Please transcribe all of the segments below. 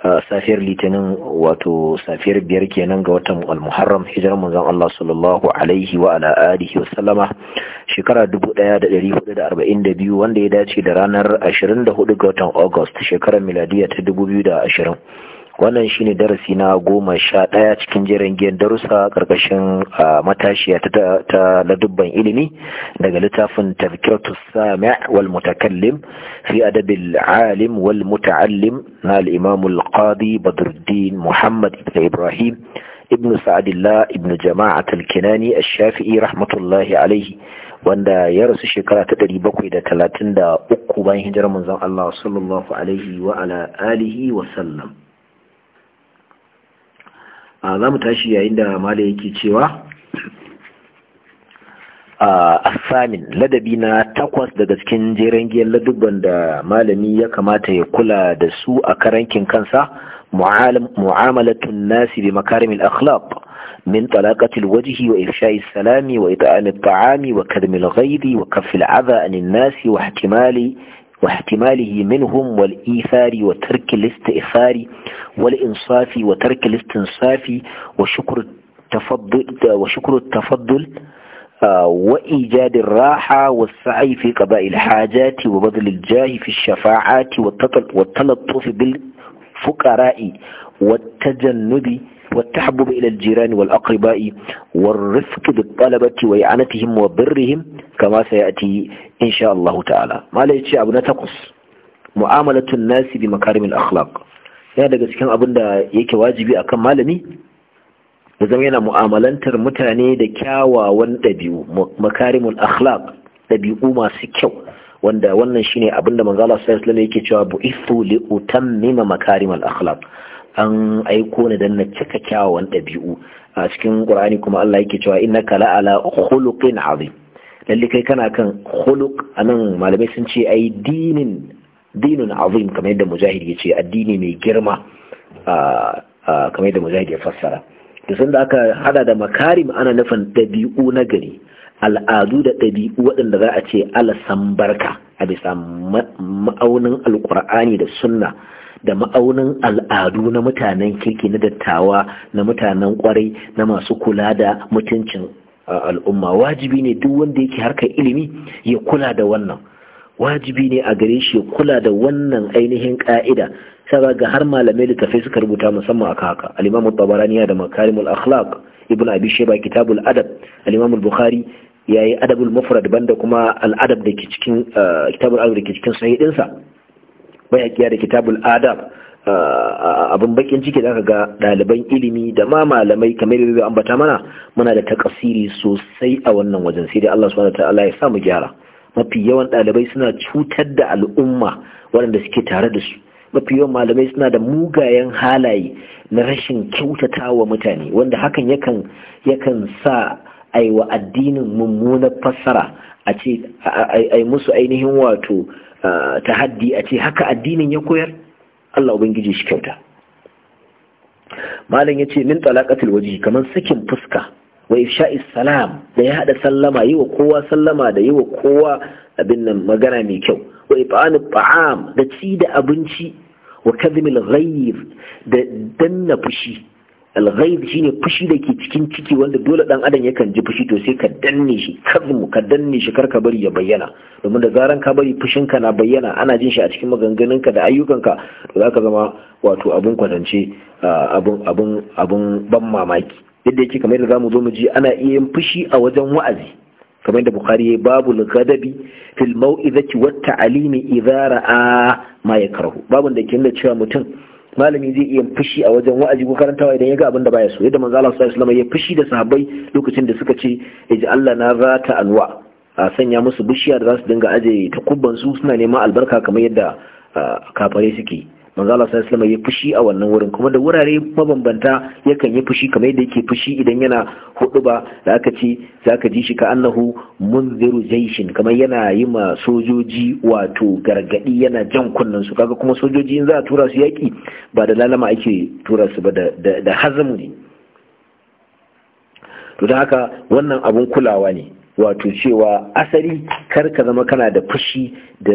Uh, safiyar litinin wato safiyar biyar kenan ga watan al-muharram hijirar manzon Allah sallallahu alaihi wa ala alihi wa sallama shekara 1442 wanda ya dace da ranar 24 ga watan August shekarar miladiya ta 2020 wannan shine darasi na goma sha ɗaya cikin jerin giyan darussa ƙarƙashin matashiya ta ladubban ilimi daga littafin tafkirtu sami' wal mutakallim fi adabil alim wal muta'allim na al qadi badruddin muhammad ibn ibrahim ibn sa'adillah ibn jama'a talkinani a shafii rahmatullahi alaihi wanda ya rasu shekara ta ɗari bakwai da talatin da uku bayan hijirar manzon Allah sallallahu alaihi wa ala wa sallam a za mu tashi yayin da mala yake cewa a samin ladabi na takwas daga cikin jeren ladubban da malami ya kamata ya kula da su a karankin kansa mu'amalatun nasi bi makarimil akhlaq من طلاقة الوجه وإفشاء السلام وإطعام الطعام وكرم الغيظ وكف العذى عن الناس واحتمال واحتماله منهم والإيثار وترك الاستئثار والإنصاف وترك الاستنصاف وشكر التفضل, وشكر التفضل آه، وإيجاد الراحة والسعي في قضاء الحاجات وبذل الجاه في الشفاعات والتلطف بالفقراء والتجنب والتحبب إلى الجيران والأقرباء والرفق بالطلبة وإعانتهم وبرهم كما سيأتي إن شاء الله تعالى ما ليش أبنا تقص معاملة الناس بمكارم الأخلاق ya daga cikin abin da yake wajibi akan malami da zama yana mu'amalantar mutane da kyawawan ɗabi'u makarimul ɗabi'u masu kyau wanda wannan shine abin da manzo Allah sallallahu alaihi wasallam yake cewa bu'ithu li utammima makarimal akhlaq an aiko ni dan na cika kyawawan ɗabi'u a cikin Qur'ani kuma Allah yake cewa innaka la'ala khuluqin azim lalle kai kana kan khuluq anan malamai sun ce ai dinin dinun azim kamar yadda mujahid ya ce addini mai girma kamar yadda mujahid ya fassara da sun da aka hada da makarim ana nufin ɗabi'u na gari al'adu da ɗabi'u waɗanda za a ce alasan barka a bisa ma'aunin alƙur'ani da sunna da ma'aunin al'adu na mutanen kirki na dattawa na mutanen kwarai na masu kula da mutuncin al'umma wajibi ne duk wanda yake harka ilimi ya kula da wannan wajibi ne a gare shi ya kula da wannan ainihin ka'ida saboda ga har malamai da littafai suka rubuta musamman aka haka al-Imam tabarani da al Akhlaq Ibn Abi Shayba Kitabul Adab al-Imam Bukhari yayi Adabul Mufrad banda kuma al-Adab da ke cikin Kitabul Adab da ke cikin sahihinsa bai da kitabul adab abin bakin ciki da aka ga ɗaliban ilimi da ma malamai kamar yadda ambata mana muna da takasiri sosai a wannan wajen sai da Allah subhanahu ta'ala ya samu gyara mafi yawan ɗalibai suna cutar da al'umma waɗanda suke tare da su mafi yawan malamai suna da mugayen halaye na rashin kyautata wa mutane wanda hakan yakan yakan sa wa addinin mummunar fassara a ce ai musu ainihin wato haddi a ce haka addinin ya koyar Allah ubangiji shi kyauta malam ya ce min talaqatil waji kamar sakin fuska wa ifsha'i salam da ya haɗa sallama yi wa kowa sallama da yi wa kowa abin nan magana mai kyau wa ifanu ta'am da ci da abinci wa kadhimil ghayr da danna fushi alghaib shine fushi da ke cikin ciki wanda dole dan adam yakan ji fushi to sai ka danne shi kazmu ka danne shi karka bari ya bayyana domin da zaran ka bari ka na bayyana ana jin shi a cikin maganganunka da ayyukanka to zaka zama wato abun kwatance abun abun abun ban mamaki yadda yake kamar yadda zamu zo mu ji ana iya yin fushi a wajen wa'azi kamar da bukhari ya babu ghadabi fil mau'izati wat ta'alimi idza ra'a ma yakrahu babun da ke nuna cewa mutum malami zai iya fushi a wajen wa'azi ko karantawa idan ya ga abin da baya so yadda manzo Allah sallallahu alaihi ya fushi da sahabbai lokacin da suka ce yaji Allah na rata anwa a sanya musu bishiya da za su dinga aje kubban su suna neman albarka kamar yadda kafare suke manzala Allah ya fushi a wannan wurin kuma da wurare mabambanta yakan yi fushi kamar yadda yake fushi idan yana ba da aka ce ka ji shi ka annahu munziru jaishin kamar yana yi ma sojoji wato gargadi yana jan kunnen su kaga kuma sojoji in za a tura su yaki ba da lalama ake tura su ba da da hazamu ne to da haka wannan abun kulawa ne wato cewa asali kar ka zama kana da fushi da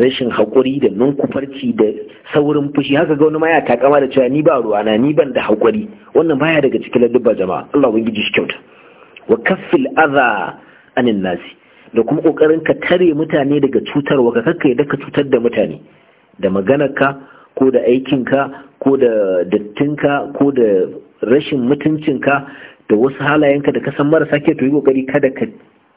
rashin haƙuri da nunkufarci da saurin fushi haka ga wani ma ya takama da cewa ni ba ruwana ni ban da haƙuri wannan baya daga cikin ladabba jama'a Allah ubangiji shi kyauta wa kaffil adha anin nasi da kuma kokarin ka tare mutane daga cutarwa ka kakka yadda ka cutar da mutane da maganarka ko da aikinka ko da dattinka ko da rashin mutuncinka da wasu halayenka da kasan marasa ke to yi kokari kada ka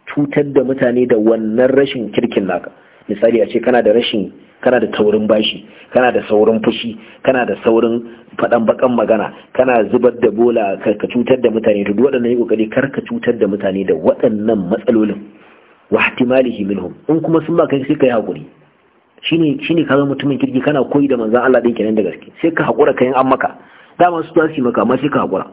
cutar da mutane da wannan rashin kirkin naka misali a ce kana da rashin kana da taurin bashi kana da saurin fushi kana da saurin faɗan bakan magana kana zubar da bola ka cutar da mutane to waɗannan yi kokari kar ka cutar da mutane da waɗannan matsalolin wa ihtimalihi minhum in kuma sun ba kai sai kai hakuri shine shine kaga mutumin kirki kana koyi da manzon Allah din kenan da gaske sai ka hakura kayan an maka dama su ta maka amma sai ka hakura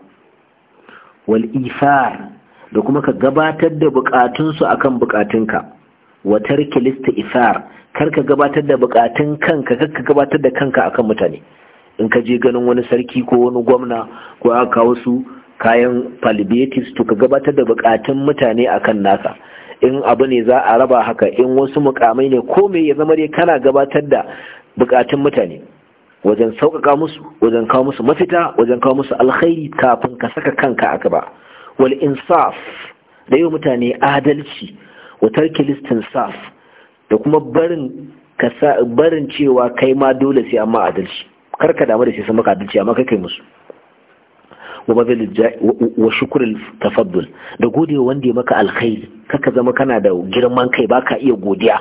wal ifar da kuma ka gabatar da bukatunsu akan bukatunka wa tarki lista ifar kar ka gabatar da bukatun kanka kar ka gabatar da kanka akan mutane in ka je ganin wani sarki ko wani gwamna ko aka wasu kayan palibetis to ka gabatar da bukatun mutane akan naka. in abu ne za a raba haka in wasu mukamai ne ko me ya zama dai kana gabatar da bukatun mutane wajen sauƙaƙa musu wajen kawo musu mafita wajen kawo musu alkhairi kafin ka saka kanka a gaba wal insaf da yi mutane adalci wa tarki saf da kuma barin barin cewa kai ma dole sai amma adalci kar ka damu da sai san maka adalci amma kai kai musu wa bazil wa al tafaddul da gode wanda ya maka alkhairi kaka zama kana da girman kai baka iya godiya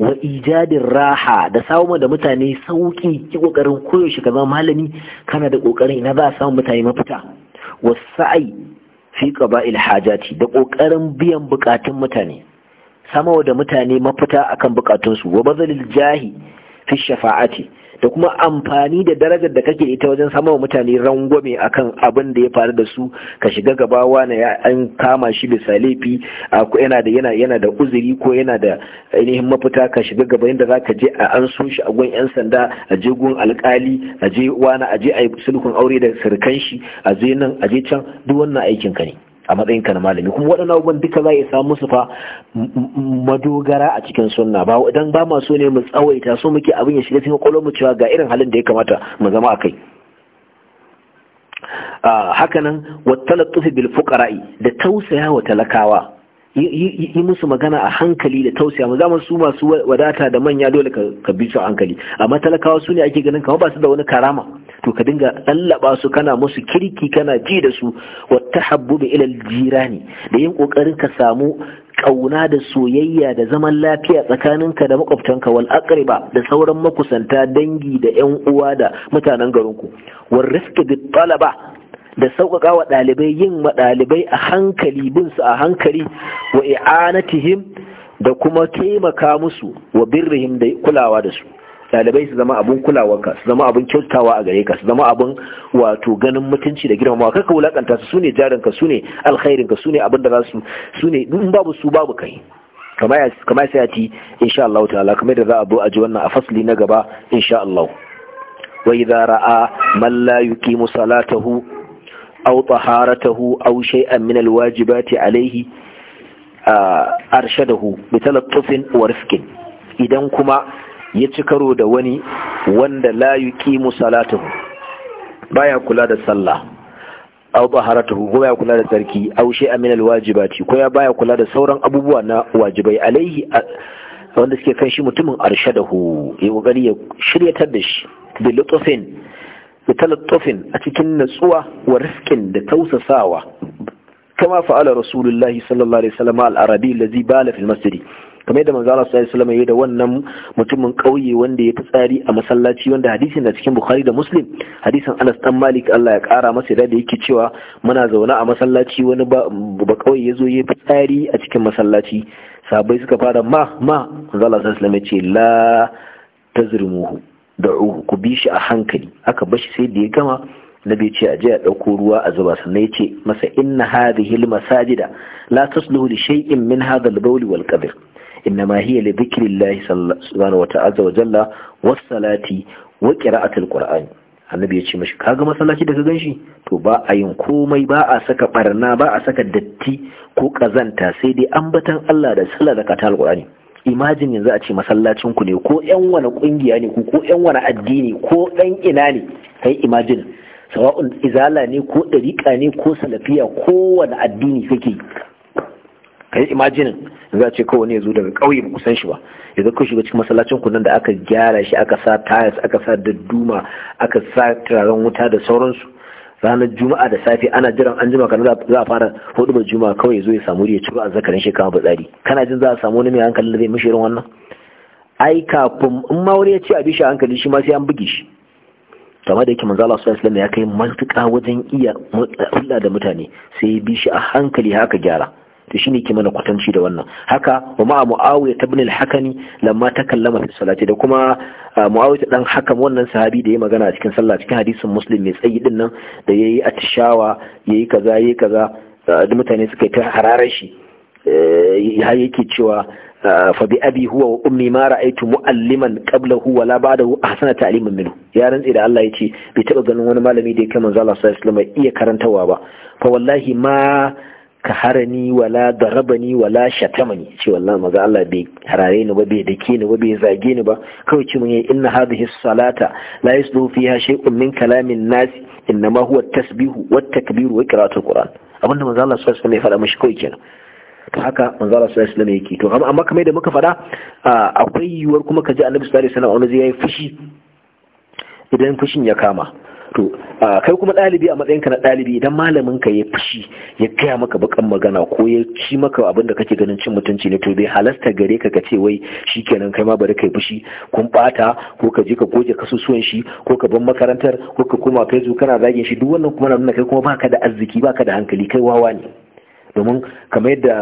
wa ijadin raha da samu da mutane sauki ki kokarin koyaushe ka zama malami kana da kokarin ina za a mutane mafita wa sa'i fi qaba'il hajati da ƙoƙarin biyan bukatun mutane sama da mutane mafita akan bukatunsu wa bazalil jahi fi shafa'ati da kuma amfani da darajar da kake ita wajen a mutane rangwame akan abin da ya faru da su ka shiga gaba wani an kama shi bisa laifi yana da yana yana da uzuri ko yana da ainihin mafita ka shiga gaba inda za ka je a an so shi a gun yan sanda a je gun alkali a je wani a je a yi sulhun aure da sirkan shi a je nan a je can duk wannan aikin ka ne a matsayin ka na malami kuma waɗannan abubuwan duka za a samu su fa madogara a cikin sunna ba idan ba ma so ne mu tsawaita so muke abin ya shiga cikin kwallon mu cewa ga irin halin da ya kamata mu zama a kai ah, hakanan wattalattufi bil fuqara'i da tausaya wa talakawa yi musu magana a hankali da tausaya mu zama su masu wadata da manya dole ka bi su a hankali amma talakawa su ne ake ganin kama ba su da wani karama to ka dinga tsallaɓa su kana musu kirki kana ji da su wa da ilal jirani da yin kokarin ka samu kauna da soyayya da zaman lafiya tsakaninka da makwabtanka wal aqriba da sauran makusanta dangi da yan uwa da mutanen garinku war rizqi bit talaba da sauƙaƙa wa ɗalibai yin wa ɗalibai a hankali bin su a hankali wa i'anatihim da kuma taimaka musu wa birrihim da kulawa da su ɗalibai su zama abun kulawarka su zama abun kyautawa a gare ka su zama abun wato ganin mutunci da girmamawa ka wulakanta su sune jarinka sune alkhairinka sune abin da za su sune in babu su babu kai kama sai ti insha Allah ta'ala kamar da za a zo a ji wannan a fasli na gaba insha Allah wa idza ra'a man la yuqimu salatahu aw taharatahu aw shay'an min alwajibati alayhi arshadahu bi talattufin wa rifqin idan kuma ya ci karo da wani wanda la yuqimu salatahu baya kula da sallah aw taharatuhu ko ya kula da tsarki aw shay'a min alwajibati ko ya baya kula da sauran abubuwa na wajibai alaihi wanda suke kan shi mutumin arshadahu ya kokari ya shiryatar da shi bi lutfin da talattofin a cikin natsuwa wa riskin da tausasawa kama fa'ala rasulullahi sallallahu alaihi wasallam al-arabi allazi bala fil masjid kamar manzo Allah sallallahu alaihi wasallam ya da wannan mutumin kauye wanda ya tsari a masallaci wanda hadisin da cikin Bukhari da Muslim hadisin Anas dan Malik Allah ya kara masa da yake cewa muna zaune a masallaci wani ba kauye yazo ya tsari a cikin masallaci sabai suka fara ma ma manzo Allah sallallahu alaihi wasallam ya ce la tazrimuhu da ku bi shi a hankali aka bashi sai da ya gama nabi ce a jiya ya ɗauko ruwa a zuba sannan ya ce masa inna hadhihi al-masajida la tasluhu li shay'in min hadha al-bawl wal qadr إنما هي لذكر الله jalla وتعالى salati والصلاة وقراءة القرآن annabi ya ce mashi kaga masallaci da ka ganshi to ba a yin komai ba a saka barna ba a saka datti ko kazanta sai dai ambatan Allah da sallar da kata imajin yanzu a ce masallacin ku ne ko yan wani kungiya ne ko yan wani addini ko dan ina ne kai imajin sawa'un izala ne ko dariƙa ne ko salafiya ko wani addini suke kai imajinin za ce kawai ne ya zo daga ƙauye ba san shi ba ya zo shiga cikin masallacin ku nan da aka gyara shi aka sa tayas aka sa dadduma aka sa turaren wuta da sauransu ranar juma'a da safe ana jiran an jima kana za a fara hudu ba juma'a kawai ya zo ya samu ya ciro azzakarin shi kama batsari. kana jin za a samu wani mai hankali da zai mishi irin wannan ai kafin in ma wani ya ce a bishi hankali shi ma sai an buge shi kamar da yake manzo Allah sallallahu alaihi wasallam ya kai matuƙa wajen iya hulɗa da mutane sai ya bi shi a hankali haka gyara to shine ke mana kwatanci da wannan haka wa ma muawiya ibn al hakani lamma takallama fi salati da kuma ah, muawiya dan hakam wannan sahabi da yayi magana a cikin sallah cikin hadisin muslim mai tsayi din nan da yayi atishawa yayi kaza yayi kaza ah, da mutane suka yi ta hararar shi ya eh, yake cewa ah, fa bi abi huwa wa ummi ma ra'aytu mu'alliman qablahu wala ba'dahu ahsana ta'liman minhu ya rantsi da Allah yace bai taba ganin wani malami da yake manzo Allah sallallahu alaihi wasallam iya karantawa ba fa wallahi ma ka ni wala da raba ni wala shatama shatamani ce wallahi maza Allah bai harare ni ba bai dake ni ba bai zage ni ba kawai ce mun yi inna hadhihi salata la yasdu fiha shay'un min kalamin nas innama huwa tasbihu wat takbiru wa qira'atul qur'an Abin da maza Allah sallallahu alaihi wasallam ya faɗa mishi kawai kenan to haka manzo Allah sallallahu alaihi wasallam yake to amma kamar da muka faɗa akwai yiwuwar kuma ka ji Annabi sallallahu alaihi wasallam wani zai yi fushi idan fushin ya kama to kai kuma ɗalibi a matsayinka na ɗalibi idan malamin ka ya fushi ya gaya maka bakan magana ko ya ci maka abin da kake ganin cin mutunci ne to bai halasta gare ka ka ce wai shi kenan kai ma bari kai fushi kun bata ko ka je ka goge kasusuwan shi ko ka bar makarantar ko ka koma facebook kana zagin shi duk wannan kuma na nuna kai kuma baka da arziki baka da hankali kai wawa ne domin kamar yadda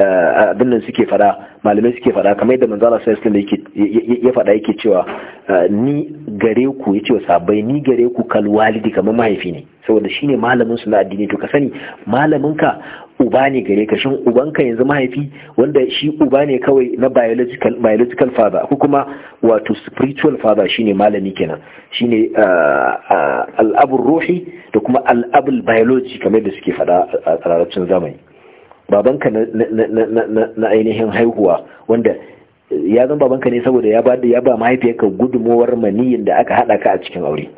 Eh, abin nan suke fada malamai suke fada kamar yadda manzala sai islam ya fada yake cewa eh, ni gare ku ya ce sabai ni gare ku kal walidi kamar mahaifi ne saboda shine malamin su na addini to ka sani malamin ka uba ne gare ka shin uban ka yanzu mahaifi wanda shi uba ne kawai na biological biological father ko kuma wato spiritual father shine malami kenan shine eh, al'abul ruhi da kuma al'abul biology kamar da suke fada a tsararracin zamani babanka na ainihin haihuwa wanda ya zama babanka ne saboda ya ba mahaifiyarka gudumowar maniyin da aka hada ka a cikin aure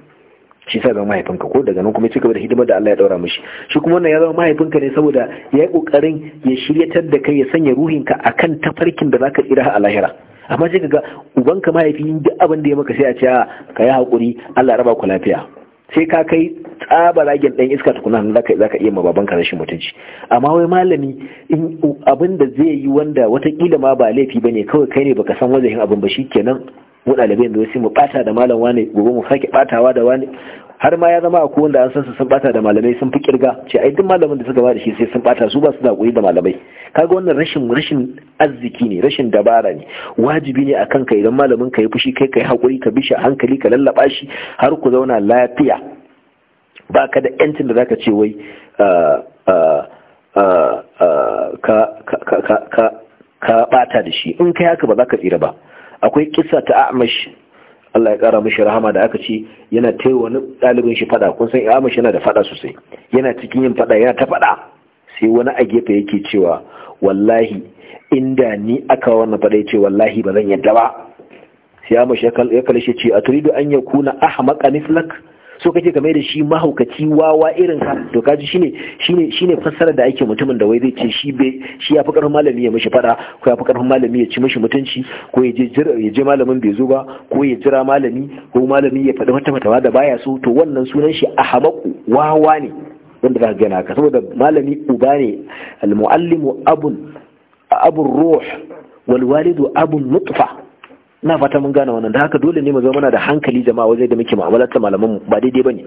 shi sa zama mahaifinka ko daga nan kuma ci gaba da hidimar da Allah ya daura mishi shi kuma wannan ya zama mahaifinka ne saboda ya yi kokarin ya shiryatar da kai ya sanya ruhinka kan tafarkin da zaka tsira a lahira amma sai kaga ubanka mahaifi duk abin da ya maka sai a ce ka yi hakuri Allah raba ku lafiya sai ka kai tsaba ragen ɗan iska tukuna zaka ka iya ma babanka rashin mutunci amma wai malami in abin da zai yi wanda watakila ma ba laifi bane kawai kai ne baka san wajen abin ba shikenan mu ɗalibai da sai mu bata da malam wane gobe mu sake batawa da wane har ma ya zama a wanda an san su sun bata da malamai sun fi kirga ce ai duk malamin da suka ba da shi sai sun bata su ba su da koyi da malamai kaga wannan rashin rashin arziki ne rashin dabara ne wajibi ne akan ka idan malamin ka yi fushi kai kai hakuri ka bishi hankali ka lallaba shi har ku zauna lafiya ba ka da yancin da zaka ce wai uh, uh, uh, ka bata da shi in kai haka ba za ka tsira ba akwai kisa ta amash Allah ya kara mishi rahama da aka ce yana taiwa wani ɗalibin shi fada kun san amash yana da fada sosai yana cikin yin fada yana ta fada sai wani a gefe yake cewa wallahi inda ni aka wannan fada ya ce wallahi ba zan yadda ba sai amash ya kalle shi ce a turidu an yakuna ahmaqa mislak so kake game da shi mahaukaci wawa irin ka to kaji shine shine shine fassara da ake mutumin da wai zai ce shi be. shi yafi karfin malami ya mishi fada ko yafi karfin malami ya ci mishi mutunci ko ya je ya je malamin bai zo ba ko ya jira malami ko malami ya faɗi wata mata da baya so to wannan sunan shi ahamaku wawa ne wanda za ka gana ka saboda malami uba ne muallimu abun abun ruh wal walidu abun nutfa na fata mun gane wannan da haka dole ne mu zama muna da hankali jama'a wajen da muke mu'amala ta malaman mu ba daidai bane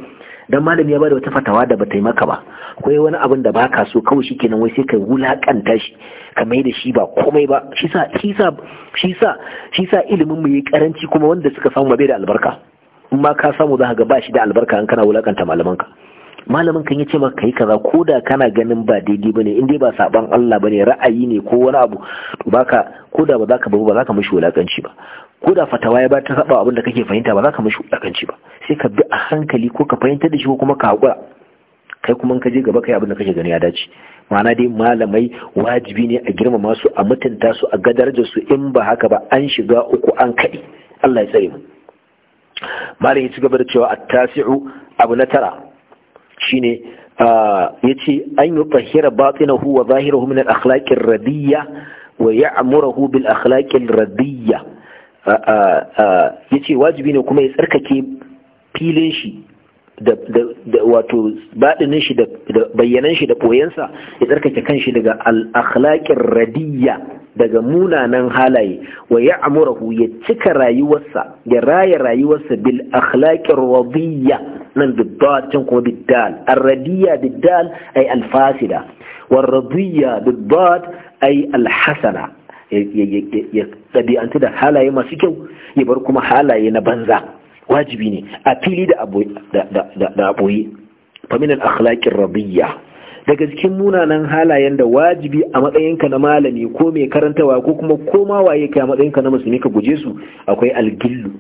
dan malami ya bada wata fatawa da bata yi maka ba akwai wani abin da baka so kawai shikenan wai sai ka wulakanta shi ka mai da shi ba komai ba shi sa shi sa shi sa shi sa ilimin mu yi karanci kuma wanda suka samu bai da albarka in ma ka samu zaka ga ba shi da albarka in kana wulakanta malaman ka malamin kan yace maka kai kaza ko da kana ganin ba daidai bane in dai ba saban Allah bane ra'ayi ne ko wani abu to baka ko da ba zaka ba ba zaka mishi wulakanci ba ko da fatawa ya ba ta saba abin kake fahimta ba za ka mishi hudakanci ba sai ka bi a hankali ko ka fahimtar da shi ko kuma ka haƙura kai kuma ka je gaba kai abin da kake gani ya dace ma'ana dai malamai wajibi ne a girmama su a mutunta su a gadar da su in ba haka ba an shiga uku an kaɗi Allah ya tsare mu malam ya ci gaba da cewa at-tasi'u abu na tara shine ce an yi fahira batinahu wa zahirahu min al-akhlaqir radiyya wa ya'muruhu bil akhlaqir radiyya ya ce wajibi ne kuma ya tsarkake filin shi da wato baɗinin shi da bayyanan shi da ɓoyensa ya tsarkake kanshi daga al'akhlaƙin radiyya daga munanan halaye wa ya amurahu ya cika rayuwarsa ya raya rayuwarsa bil akhlaƙin radiyya nan bidda can kuma biddal ar-radiyya biddal ay al-fasida war radiyya biddal ay al-hasana ɗabi'antu da halaye masu kyau ya bar kuma halaye na banza wajibi ne a fili da aboyi, faminan akhlaƙin rabiyya daga cikin munanan halayen da wajibi a matsayinka na malami ko mai karantawa ko kuma koma waye kai a matsayinka na musulmi ka guje su akwai algillu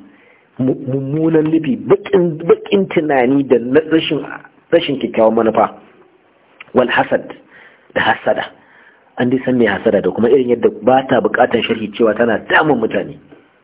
mummunan nufi bakin tunani da rashin kyakkyawan manufa wal da hasada an dai san mai hasada da kuma irin yadda ba ta bukatar sharhi cewa tana damun mutane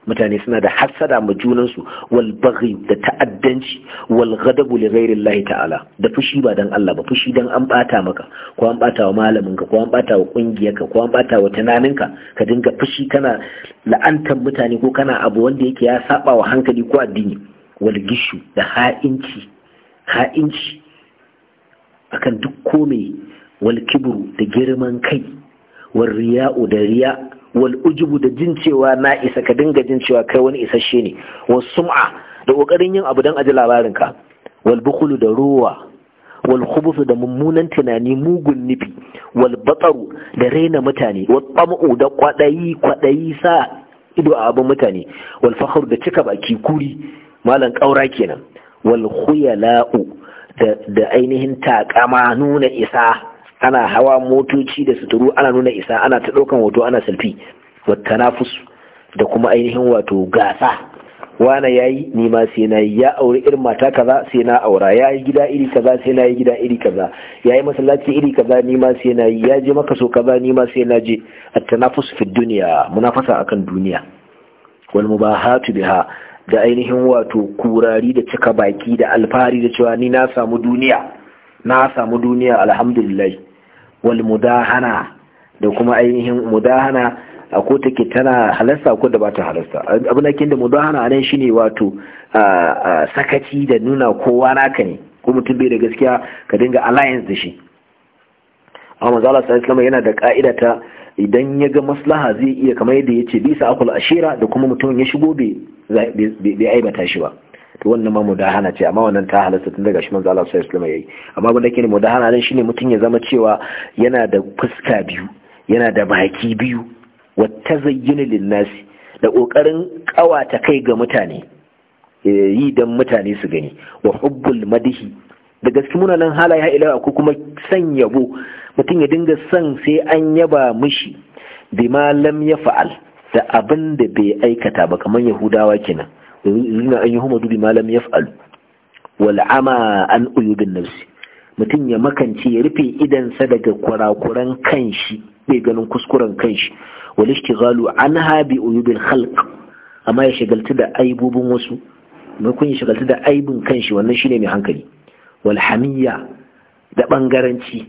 mutane suna da hasada ma junansu wal baghi da ta'addanci wal ghadabu li ghairi Allah ta'ala da fushi ba dan Allah ba fushi dan an bata maka ko an bata wa malamin ka ko an bata wa ka ko an bata wa tunaninka ka dinga fushi kana la'antar mutane ko kana abu wanda yake ya saba wa hankali ko addini wal gishu da ha'inci ha'inci akan duk komai wal kibru da girman kai wal riya'u da riya wal ujubu da jin cewa na isa ka dinga jin cewa kai wani isasshe ne wal sum'a da kokarin yin abu dan aji labarin ka wal bukhlu da ruwa wal khubuth da mummunan tunani mugun nufi wal bataru da raina mutane wal tam'u da kwadayi kwadayi sa ido a abun mutane wal fakhru da cika baki kuri malan kaura kenan wal khuyala'u da ainihin takama nuna isa ana hawa motoci da suturu ana nuna isa ana ta ɗaukan hoto ana salfi wa tanafus da kuma ainihin wato gasa wane yayi ni ma sai na yi ya aure irin mata kaza sai na aura ya yi gida iri kaza sai na yi gida iri kaza ya yi masallaci iri kaza ni ma sai na yi ya je maka so kaza ni ma sai na je at-tanafus fi dunya munafasa akan duniya wal mubahatu biha da ainihin wato kurari da cika baki da alfahari da cewa ni na samu duniya na samu duniya alhamdulillah wal mudahana da kuma ainihin mudahana a ko take tana halasta ko da bata ta halasta abin da ke da mudahana anan shine wato sakaci da nuna kowa na naka ne ko mutum bai da gaskiya ka dinga alliance da shi amma manzo Allah sallallahu alaihi yana da ka'ida ta idan ya ga maslaha zai iya kamar yadda yace bisa akul ashira da kuma mutum ya shigo bai bai aibata shi ba wannan ma mudahana ce amma wannan ta halasta tun daga shi manzo Allah sallallahu alaihi wasallam yayi amma abin da ke mudahana nan shine mutum ya zama cewa yana da fuska biyu yana da baki biyu wa tazayyana linnasi, nasi da kokarin kawata kai ga mutane eh, yi dan mutane su gani wa hubbul madhi da gaske muna nan halaye ila ko kuma san yabo mutum ya dinga san sai an yaba mishi bima lam ya fa'al da abin da bai aikata ba kamar yahudawa kenan Yana an yi yuhmadu malam ya yaf'al wal ama an uyubin nafsi mutum ya makance ya rufe idansa daga kurakuran kanshi bai ganin kuskuren kanshi wal ishtighalu anha bi uyubil khalq amma ya shagaltu da aibubun wasu maimakon ya shagaltu da aibin kanshi wannan shine mai hankali wal hamiyya da bangaranci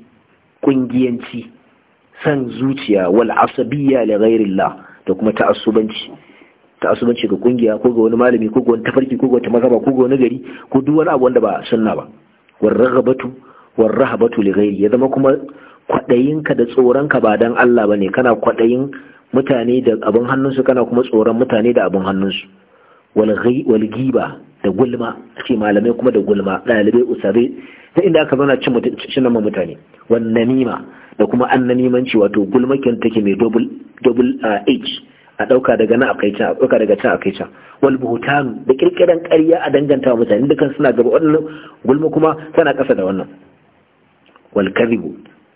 kungiyanci san zuciya wal asabiyya li ghairillah da kuma ta'assubanci asubanci ga kungiya ko ga wani malami ko ga wani tafarki ko ga wata mazaba ko ga wani gari ko duk wani abu wanda ba sunna ba war raghabatu war rahabatu li ghairi ya zama kuma ka da tsoronka ba dan Allah bane kana kwadayin mutane da abin hannunsu kana kuma tsoron mutane da abin hannunsu wal giba da gulma ce malamai kuma da gulma Dalibai, usabe ta inda aka zauna cin cin ma mutane wannan nima da kuma annanimanci wato gulmakin take mai double double ah, h a ɗauka daga na akai can a ɗauka daga can akai can wal buhutanu da kirkiran ƙarya a danganta wa mutane dukan suna gaba wannan gulma kuma tana ƙasa da wannan wal kadhibu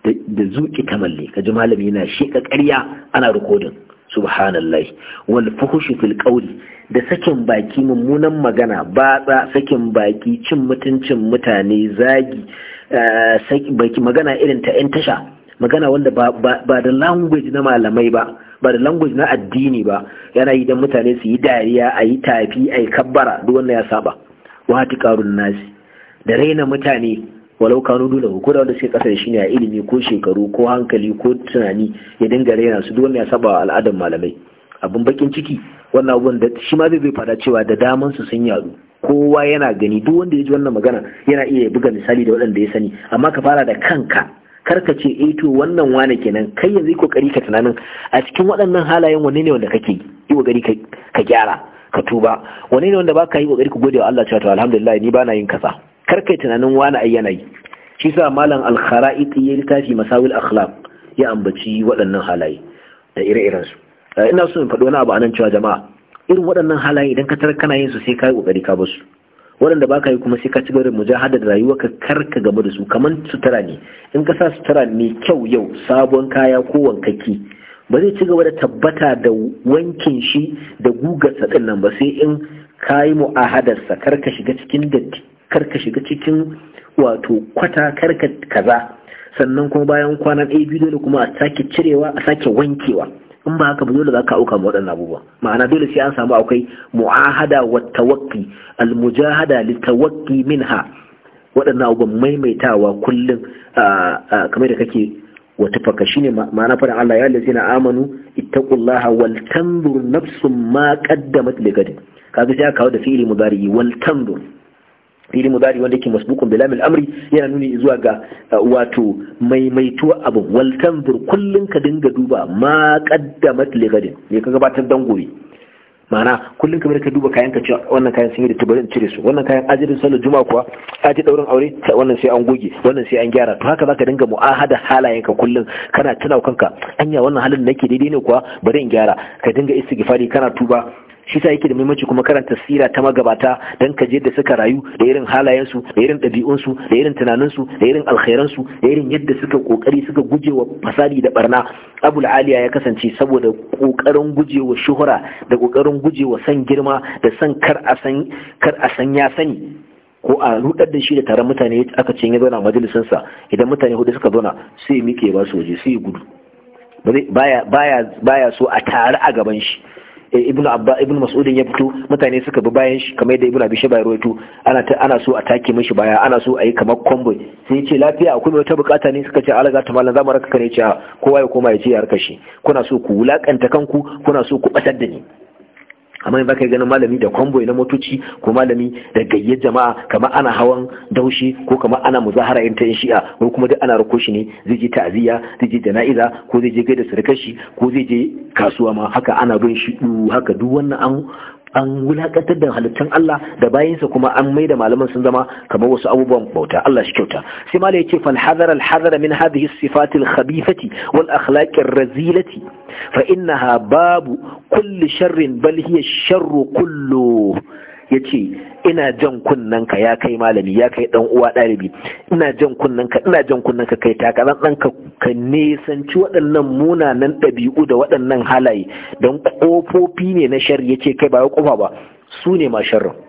da zuƙi ta malle ka ji malami yana sheka ƙarya ana rikodin subhanallahi wal fuhushu fil qawli da sakin baki mummunan magana batsa sakin baki cin mutuncin mutane zagi eh, baki magana irin ta yan tasha magana wanda ba da language na malamai ba ba da language na addini ba yana yi don mutane su yi dariya a yi tafi a yi kabbara duk wannan ya saba wa hatikarun nasi da raina mutane walau kanu dole ko da wanda suke kasa da shi ne a ilimi ko shekaru ko hankali ko tunani ya dinga raina su duk wannan ya saba wa al'adar malamai abin bakin ciki wannan abun da shi ma zai fada cewa da daman su sun yadu kowa yana gani duk wanda ya ji wannan magana yana iya buga misali da waɗanda ya sani amma ka fara da kanka karka ce eh to wannan wane kenan kai yanzu kokari ka tunanin a cikin waɗannan halayen wanne ne wanda kake yi kokari ka gyara ka tuba wanne ne wanda baka yi kokari ka gode wa Allah cewa to alhamdulillah ni bana yin kaza karka tunanin wani ai yana yi shi sa malam al-kharaiti ya littafi masawil akhlaq ya ambaci waɗannan halaye da ire-iren su ina so in faɗi wani abu anan cewa jama'a irin waɗannan halaye idan ka tarar kana yin su sai kai kokari ka basu waɗanda ba ka yi kuma sai ka ci gaba da mujahada da rayuwarka kar ka gaba da su kamar sutura ne in ka sa sutura mai kyau yau sabon kaya ko wankaki ba zai ci gaba da tabbata da wankin shi da gugarsa sadin nan ba sai in ka yi mu'ahadarsa kar ka shiga cikin da karka shiga cikin wato kwata kar kaza sannan kuma bayan kwana ɗaya biyu dole kuma a sake cirewa a sake wankewa in ba haka ba dole za ka auka waɗannan abubuwa ma'ana dole sai an samu akwai mu'ahada wa tawakki almujahada li tawakki minha waɗannan abubuwan maimaitawa kullum kamar da kake wata faka shine ma'ana faɗin Allah ya lazi na amanu ittaqullaha wal tanzur nafsum ma qaddamat li gadin kaga sai aka kawo da fili mudari wal tanzur fili mudari wanda yake masbukun bilam al-amri yana nuni zuwa ga uh, wato maimaito abu wal tanzur kullun ka dinga duba ma qaddamat li gadin ne ka gabatar dan gobe ma'ana kullun kamar ka duba kayan ka ce wannan kayan sun yi da tubarin cire su wannan kayan ajirin sallar juma'a kuwa a ji daurin aure wannan sai an goge wannan sai an gyara to haka zaka dinga mu'ahada halayen ka kullun kana tuna kanka anya wannan halin nake daidai ne kuwa bari in gyara ka dinga istighfari kana tuba shi sa yake da muhimmanci kuma karanta sira ta magabata dan ka je da suka rayu da irin halayensu da irin su, da irin su, da irin su, da irin yadda suka kokari suka gujewa fasadi da barna abul aliya ya kasance saboda kokarin gujewa shuhura da kokarin gujewa san girma da san kar a san kar a san ya sani ko a rudar da shi da taron mutane aka ce ya zauna majalisinsa idan mutane hudu suka zauna sai ya mike ba su waje sai ya gudu baya so a tare a gaban shi Eh, ibn abba ibn mas'udin ya fito mutane suka bi bayan shi kamar yadda ibn abi shaba rawaito ana ana so a take mishi baya ana so a yi kamar combo sai ya ce lafiya akwai wata bukata ne suka ce za ta mallan zamu raka kare ce kowa ya koma ya ce ya harkashi shi kuna so ku wulakanta kanku kuna so ku batar da ni amma in za ka malami da kwamboi na motoci ko malami da gayyar jama'a kamar ana hawan daushi ko kamar ana muzahara in ta shi'a ko kuma duk ana rako shi ne zai je ta'aziyya zai je jana'iza ko zai je gaida surukashi ko zai je kasuwa ma haka ana bin shi uh, haka duk wannan an an wulakantar da halittun Allah da bayansa kuma an maida malaman sun zama kamar wasu abubuwan bauta Allah shi kyauta sai malai yake fal hadar al min hadhihi sifatil al khabithati wal akhlaq razilati fa innaha babu kulli sharrin bal hiya sharru kullu ya ina jan ka ya kai malami ya kai dan uwa ɗalibi ina jan kunnanka ina jan kunnanka kai takarar ɗanka ka nesanci waɗannan munanan ɗabi'u da waɗannan halaye don ƙofofi ne na shari ya ce kai ba ya ƙofa ba su ne ma sharrin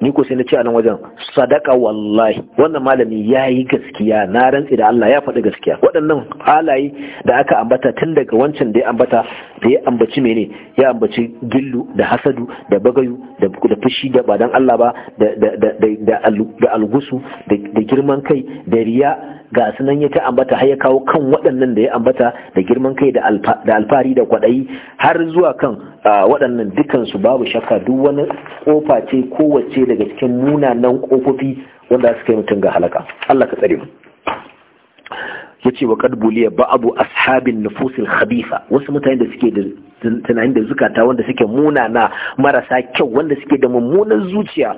ni ko sai na ce a nan wajen sadaka wallahi wannan malami ya yi gaskiya na rantsi da Allah ya faɗi gaskiya waɗannan halaye da aka ambata tun daga wancan da ya ambata da ya ambaci mene ya ambaci gillu da hasadu da bagayu da fushi da ba dan Allah ba da algusu da girman kai da riya ga sunan ya ta ambata har ya kawo kan waɗannan da ya ambata da girman kai da alfari da kwaɗayi har zuwa kan waɗannan dukansu babu shakka duk wani kofa ce kowace daga cikin munanan kofofi wanda su kai mutum ga halaka Allah ka tsare mu yace wa qad buliya abu ashabin nufusil khabifa wasu mutane da suke da tunanin da zukata wanda suke munana marasa kyau wanda suke da mummunan zuciya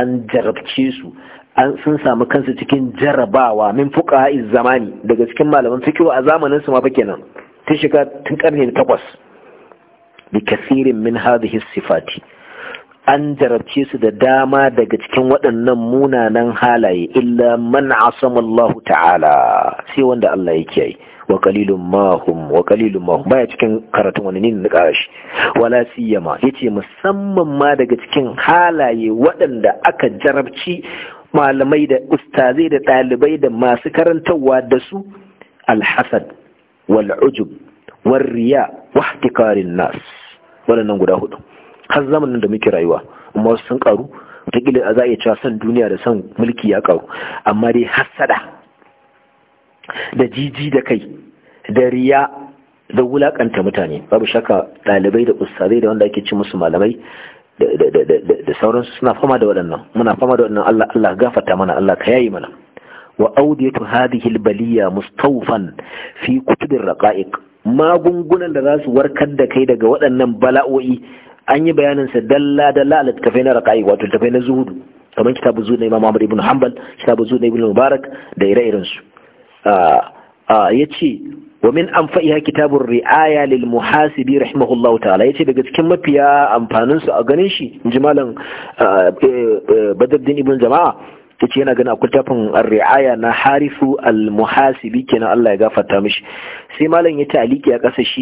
an jarabce su an sun samu kansu cikin jarabawa min fuka zamani daga cikin malaman fikiru a zamanin su mafi kenan Ta shiga tun karni takwas da kasirin min hadhihi sifati an jarabce su da dama daga cikin waɗannan munanan halaye illa man asamallahu ta'ala sai wanda Allah ya kiyaye wa ma hum wa ma hum baya cikin karatun wani ne da karashi wala siyama yace musamman ma daga cikin halaye waɗanda aka jarabci malamai da ustazai da ɗalibai da masu karantarwa da su alhasad wal ujub war riya wa nas waɗannan guda hudu har zamanin da muke rayuwa amma wasu sun karu ta za a iya cewa son duniya da son mulki ya karu amma dai hassada da jiji da kai da riya da wulakanta mutane babu shaka ɗalibai da ustazai da wanda ake ci musu malamai da sauransu suna fama da waɗannan muna fama da waɗannan Allah Allah gafarta mana Allah ka yayi mana wa audiyatu hadhihi albaliya mustawfan fi kutubir raqa'iq magungunan da za su warkar da kai daga waɗannan bala'o'i an yi bayanin sa dalla dalla a littafai na rakai wato littafai na zuhudu kamar kitabu zuhudu na Imam Ahmad ibn Hanbal kitabu zuhudu na Ibn Mubarak da ire-iren su yace wa min anfa'iha kitabur ri'aya lil muhasibi rahimahullahu ta'ala Ya ce daga cikin mafiya amfanin su a ganin shi inji malam badaddin ibn Jama'a ce yana gani akwai tafin ri'aya na harifu al muhasibi kenan Allah ya gafarta mishi sai malam ya ta'aliki a kasa shi